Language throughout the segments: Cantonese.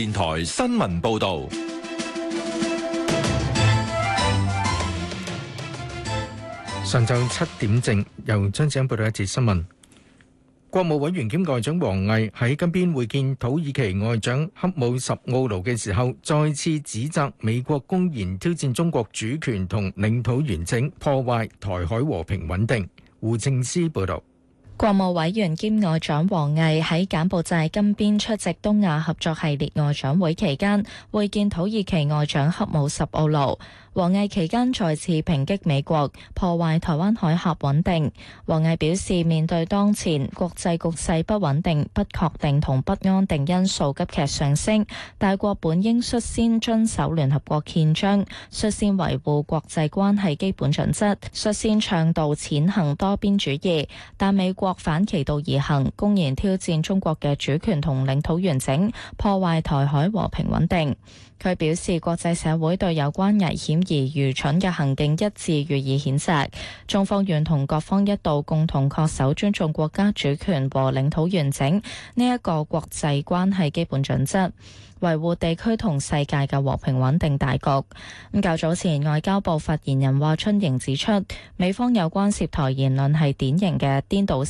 電台新聞報道：上晝七點正，由張子恩報道一節新聞。國務委員兼外長王毅喺今邊會見土耳其外長恰武什奧盧嘅時候，再次指責美國公然挑戰中國主權同領土完整，破壞台海和平穩定。胡正思報道。國務委員兼外長王毅喺柬埔寨金邊出席東亞合作系列外長會期間，會見土耳其外長恰武什奧盧。王毅期間再次抨擊美國破壞台灣海峽穩定。王毅表示，面對當前國際局勢不穩定、不確定同不安定因素急劇上升，大國本應率先遵守聯合國憲章，率先維護國際關係基本準則，率先倡導踐行多邊主義，但美國國反其道而行，公然挑戰中國嘅主權同領土完整，破壞台海和平穩定。佢表示，國際社會對有關危險而愚蠢嘅行徑一致予以譴責。中方願同各方一道，共同恪守尊重國家主權和領土完整呢一個國際關係基本準則，維護地區同世界嘅和平穩定大局。咁較早前外交部發言人華春瑩指出，美方有關涉台言論係典型嘅顛倒。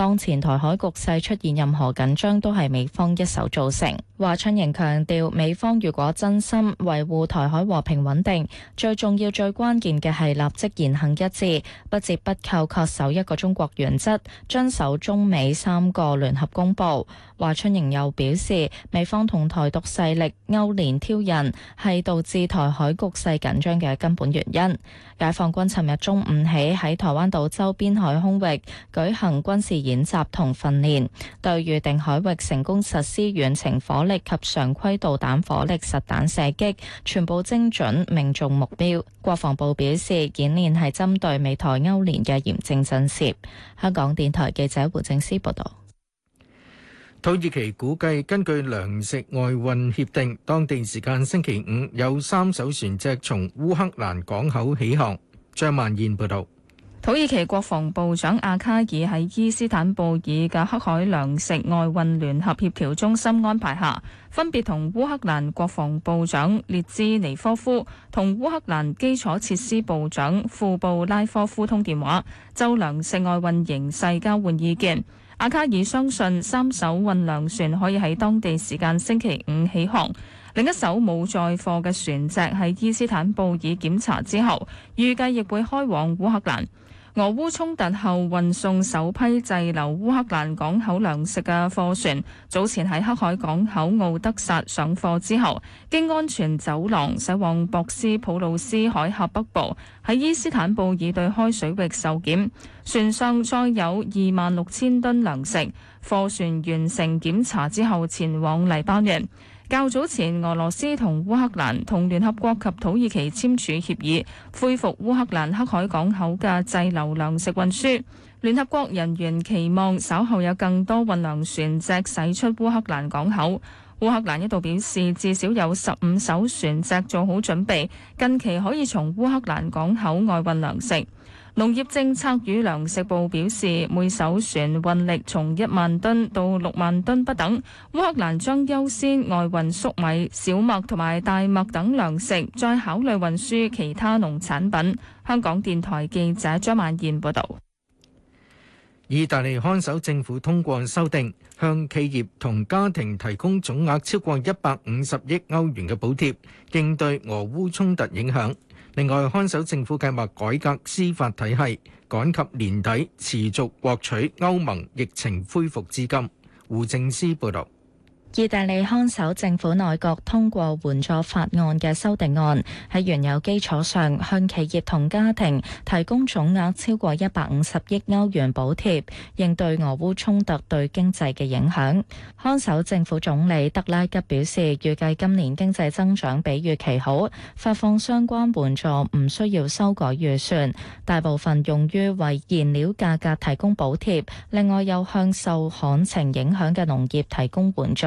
當前台海局勢出現任何緊張，都係美方一手造成。華春瑩強調，美方如果真心維護台海和平穩定，最重要、最關鍵嘅係立即言行一致，不折不扣恪守一個中國原則，遵守中美三個聯合公佈。華春瑩又表示，美方同台獨勢力勾連挑釁，係導致台海局勢緊張嘅根本原因。解放軍尋日中午起喺台灣島周邊海空域舉行軍事演演習同訓練，對預定海域成功實施遠程火力及常規導彈火力實彈射擊，全部精準命中目標。國防部表示，演練係針對美台勾連嘅嚴正震懾。香港電台記者胡正思報道。土耳其估計，根據糧食外運協定，當地時間星期五有三艘船隻從烏克蘭港口起航。張萬燕報道。土耳其國防部長阿卡爾喺伊斯坦布爾嘅黑海糧食外運聯合協調中心安排下，分別同烏克蘭國防部長列茲尼科夫同烏克蘭基礎設施部長庫布拉科夫通電話，就糧食外運形勢交換意見。阿卡爾相信三艘運糧船可以喺當地時間星期五起航，另一艘冇載貨嘅船隻喺伊斯坦布爾檢查之後，預計亦會開往烏克蘭。俄烏衝突後運送首批滯留烏克蘭港口糧食嘅貨船，早前喺黑海港口奧德薩上貨之後，經安全走廊駛往博斯普魯斯海峽北部，喺伊斯坦布爾對開水域受檢。船上載有二萬六千噸糧食，貨船完成檢查之後前往黎巴嫩。較早前，俄羅斯同烏克蘭同聯合國及土耳其簽署協議，恢復烏克蘭黑海港口嘅滯留糧食運輸。聯合國人員期望稍後有更多運糧船隻駛出烏克蘭港口。烏克蘭一度表示，至少有十五艘船隻做好準備，近期可以從烏克蘭港口外運糧食。農業政策與糧食部表示，每艘船運力從一萬噸到六萬噸不等。烏克蘭將優先外運粟米、小麥同埋大麥等糧食，再考慮運輸其他農產品。香港電台記者張曼燕報導。意大利看守政府通過修訂，向企業同家庭提供總額超過一百五十億歐元嘅補貼，應對俄烏衝突影響。另外，看守政府計劃改革司法體系，趕及年底持續獲取歐盟疫情恢復資金。胡正思報道。意大利看守政府內閣通過援助法案嘅修訂案，喺原有基礎上向企業同家庭提供總額超過一百五十億歐元補貼，應對俄烏衝突對經濟嘅影響。看守政府總理德拉吉表示，預計今年經濟增長比預期好，發放相關援助唔需要修改預算，大部分用於為燃料價格提供補貼，另外又向受旱情影響嘅農業提供援助。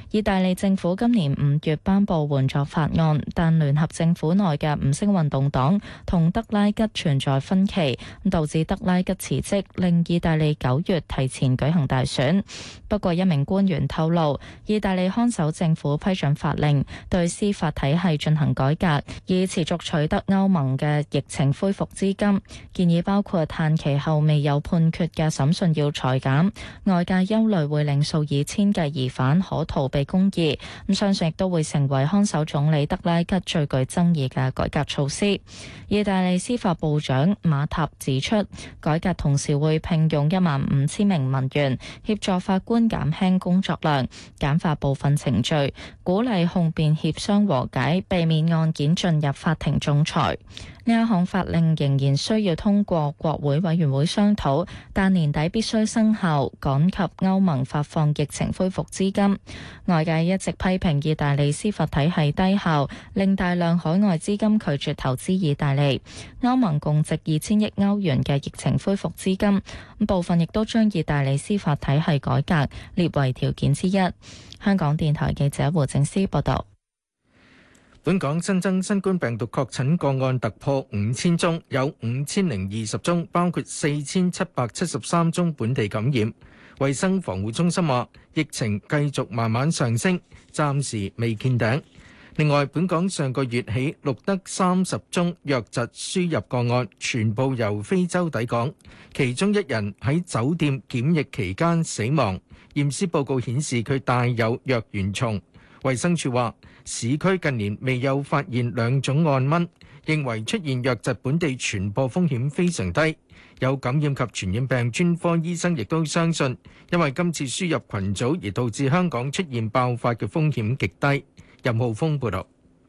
意大利政府今年五月頒布援助法案，但聯合政府內嘅五星運動黨同德拉吉存在分歧，導致德拉吉辭職，令意大利九月提前舉行大選。不過一名官員透露，意大利看守政府批准法令對司法體系進行改革，以持續取得歐盟嘅疫情恢復資金。建議包括限期後未有判決嘅審訊要裁減，外界憂慮會令數以千計疑犯可逃避。公義。咁，相信亦都會成為看守總理德拉吉最具爭議嘅改革措施。意大利司法部長馬塔指出，改革同時會聘用一萬五千名文員協助法官減輕工作量，簡化部分程序，鼓勵控辯協商和解，避免案件進入法庭仲裁。呢一項法令仍然需要通過國會委員會商討，但年底必須生效，趕及歐盟發放疫情恢復資金。外界一直批評意大利司法體系低效，令大量海外資金拒絕投資意大利。歐盟共值二千億歐元嘅疫情恢復資金，部分亦都將意大利司法體系改革列為條件之一。香港電台記者胡正思報道。本港新增新冠病毒確診個案突破五千宗，有五千零二十宗，包括四千七百七十三宗本地感染。衛生防護中心話，疫情繼續慢慢上升，暫時未見頂。另外，本港上個月起錄得三十宗瘧疾輸入個案，全部由非洲抵港，其中一人喺酒店檢疫期間死亡，驗屍報告顯示佢帶有瘧原蟲。衛生署話，市區近年未有發現兩種按蚊，認為出現瘧疾本地傳播風險非常低。有感染及傳染病專科醫生亦都相信，因為今次輸入群組而導致香港出現爆發嘅風險極低。任浩峰報道。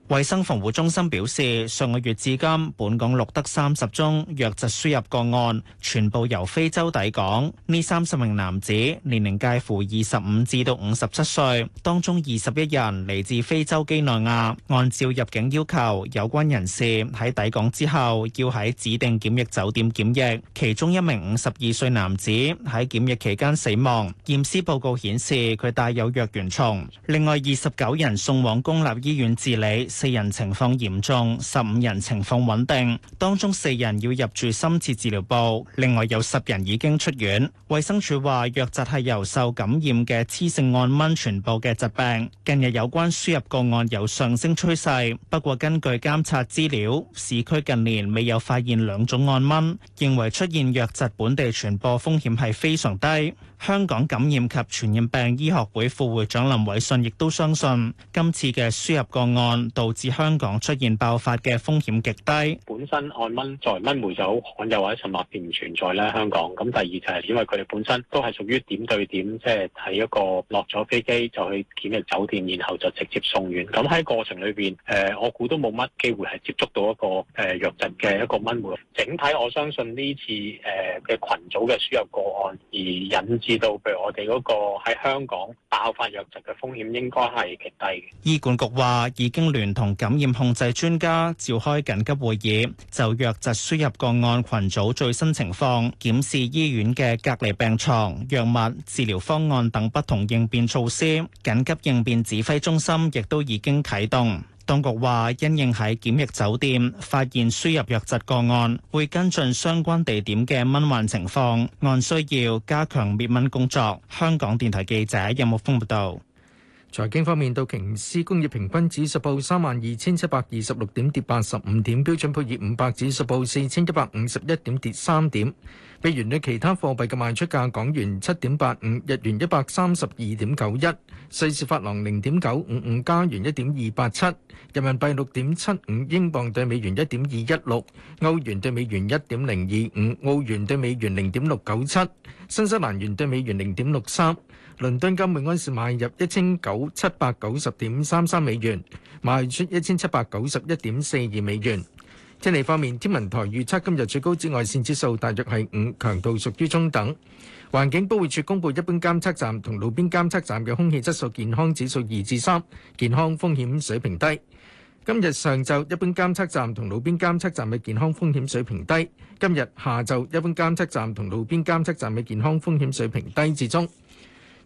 衛生防護中心表示，上個月至今，本港錄得三十宗瘧疾輸入個案，全部由非洲抵港。呢三十名男子年齡介乎二十五至到五十七歲，當中二十一人嚟自非洲幾內亞。按照入境要求，有關人士喺抵港之後要喺指定檢疫酒店檢疫。其中一名五十二歲男子喺檢疫期間死亡，驗屍報告顯示佢帶有瘧原蟲。另外二十九人送往公立醫院治理。四人情況嚴重，十五人情況穩定，當中四人要入住深切治療部。另外有十人已經出院。衛生署話，瘧疾係由受感染嘅雌性按蚊傳播嘅疾病。近日有關輸入個案有上升趨勢，不過根據監察資料，市區近年未有發現兩種按蚊，認為出現瘧疾本地傳播風險係非常低。香港感染及傳染病醫學會副會長林偉信亦都相信，今次嘅輸入個案導致香港出現爆發嘅風險極低。本身按蚊作為蚊媒就好罕有，或者沉默並唔存在咧香港。咁第二就係因為佢哋本身都係屬於點對點，即係喺一個落咗飛機就去檢疫酒店，然後就直接送院。咁喺過程裏邊誒，我估都冇乜機會係接觸到一個誒弱疾嘅一個蚊媒。整體我相信呢次誒嘅群組嘅輸入個案而引致。知道譬如我哋嗰個喺香港爆發瘧疾嘅風險應該，係極低。醫管局話已經聯同感染控制專家召開緊急會議，就瘧疾輸入，入個案群組最新情況檢視醫院嘅隔離病床藥物、治療方案等不同應變措施，緊急應變指揮中心亦都已經啟動。當局話，因應喺檢疫酒店發現輸入瘧疾個案，會跟進相關地點嘅蚊患情況，按需要加強滅蚊工作。香港電台記者任木鋒報道。財經方面，道瓊斯工業平均指數報三萬二千七百二十六點，跌八十五點；標準普爾五百指數報四千一百五十一點，跌三點。美元對其他貨幣嘅賣出價：港元七點八五，日元一百三十二點九一，瑞士法郎零點九五五，加元一點二八七，人民幣六點七五，英鎊對美元一點二一六，歐元對美元一點零二五，澳元對美元零點六九七，新西蘭元對美元零點六三。倫敦金每安士買入一千九七百九十點三三美元，賣出一千七百九十一點四二美元。天氣方面，天文台預測今日最高紫外線指數大約係五，強度屬於中等。環境保護署公布，一般監測站同路邊監測站嘅空氣質素健康指數二至三，健康風險水平低。今日上晝，一般監測站同路邊監測站嘅健康風險水平低。今日下晝，一般監測站同路邊監測站嘅健康風險水平低至中。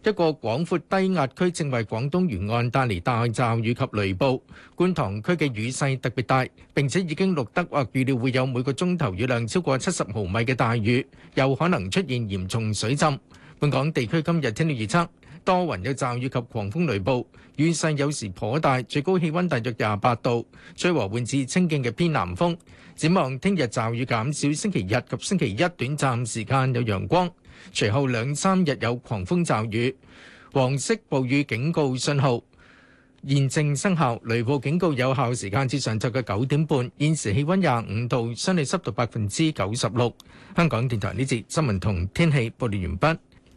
一個廣闊低壓區正為廣東沿岸帶嚟大驟雨及雷暴，觀塘區嘅雨勢特別大，並且已經錄得或預料會有每個鐘頭雨量超過七十毫米嘅大雨，有可能出現嚴重水浸。本港地區今日天氣預測，多雲有驟雨及狂風雷暴，雨勢有時頗大，最高氣温大約廿八度，吹和緩至清勁嘅偏南風。展望聽日驟雨減少，星期日及星期一短暫時間有陽光，隨後兩三日有狂風驟雨，黃色暴雨警告信號現正生效，雷暴警告有效時間至上晝嘅九點半。現時氣温廿五度，相對濕度百分之九十六。香港電台呢節新聞同天氣報道完畢。